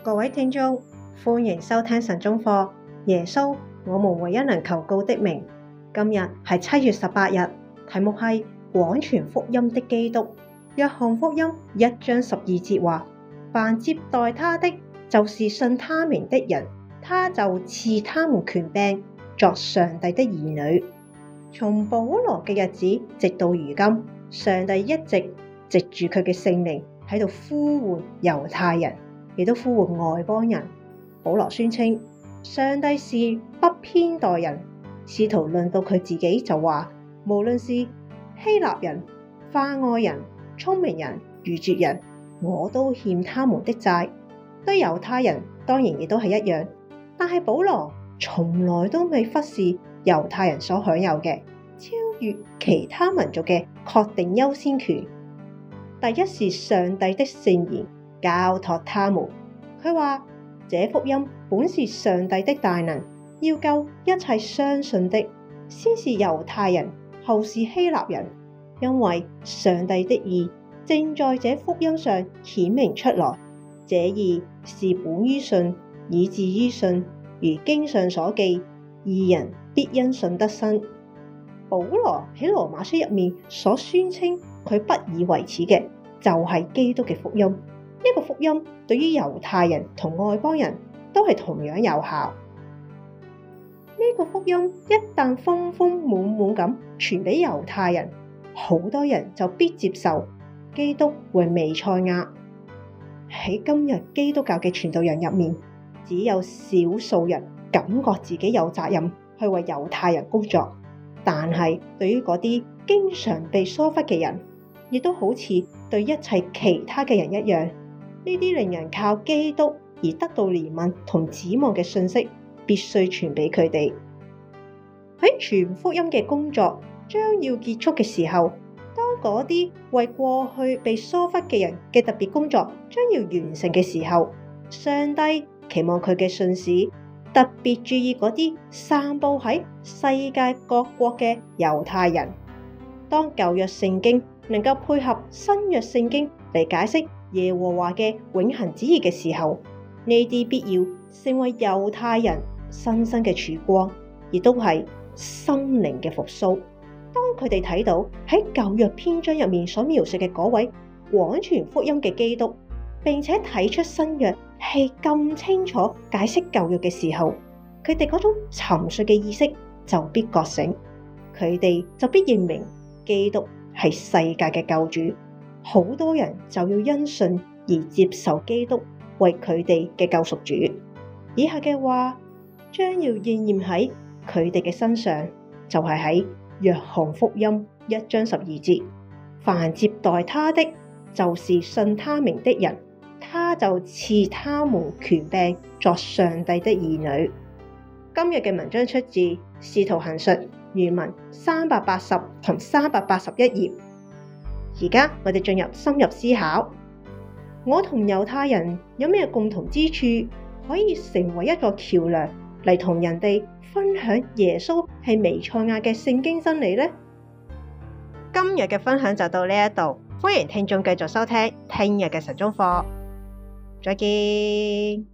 各位聽眾，歡迎收聽晨鐘課。耶穌，我們唯一能求告的名。今日係七月十八日，題目係廣傳福音的基督。約翰福音一章十二節話：凡接待他的，就是信他名的人，他就賜他們權柄作上帝的兒女。從保羅嘅日子直到如今，上帝一直藉住佢嘅聖靈喺度呼喚猶太人。亦都呼喚外邦人。保羅宣稱上帝是不偏待人。試圖論到佢自己就話，無論是希臘人、化外人、聰明人、愚拙人，我都欠他們的債。對猶太人當然亦都係一樣，但係保羅從來都未忽視猶太人所享有嘅超越其他民族嘅確定優先權。第一是上帝的聖言。教托他們，佢話：這福音本是上帝的大能，要救一切相信的，先是猶太人，後是希臘人，因為上帝的義正在這福音上顯明出來。這義是本於信，以至於信，如經上所記：義人必因信得生。保羅喺羅馬書入面所宣稱，佢不以為恥嘅就係、是、基督嘅福音。一、個福音對於猶太人同外邦人都係同樣有效。呢個福音一旦豐豐滿滿咁傳俾猶太人，好多人就必接受基督為彌賽亞。喺今日基督教嘅傳道人入面，只有少數人感覺自己有責任去為猶太人工作，但係對於嗰啲經常被疏忽嘅人，亦都好似對一切其他嘅人一樣。呢啲令人靠基督而得到憐憫同指望嘅信息，必須傳俾佢哋。喺全福音嘅工作將要結束嘅時候，當嗰啲為過去被疏忽嘅人嘅特別工作將要完成嘅時候，上帝期望佢嘅信使特別注意嗰啲散布喺世界各國嘅猶太人。當舊約聖經能夠配合新約聖經，嚟解釋耶和華嘅永恒旨意嘅時候，呢啲必要成為猶太人新生嘅曙光，亦都係心靈嘅復甦。當佢哋睇到喺舊約篇章入面所描述嘅嗰位廣傳福音嘅基督，並且睇出新約係咁清楚解釋舊約嘅時候，佢哋嗰種沉睡嘅意識就必覺醒，佢哋就必認明基督係世界嘅救主。好多人就要因信而接受基督為佢哋嘅救贖主。以下嘅話將要應驗喺佢哋嘅身上，就係、是、喺約翰福音一章十二節：凡接待他的，就是信他名的人，他就賜他們權柄作上帝的兒女。今日嘅文章出自《使徒行述》，原文三百八十同三百八十一頁。而家我哋進入深入思考，我同猶太人有咩共同之處，可以成為一座橋樑嚟同人哋分享耶穌係彌賽亞嘅聖經真理呢？今日嘅分享就到呢一度，歡迎聽眾繼續收聽聽日嘅神中課，再見。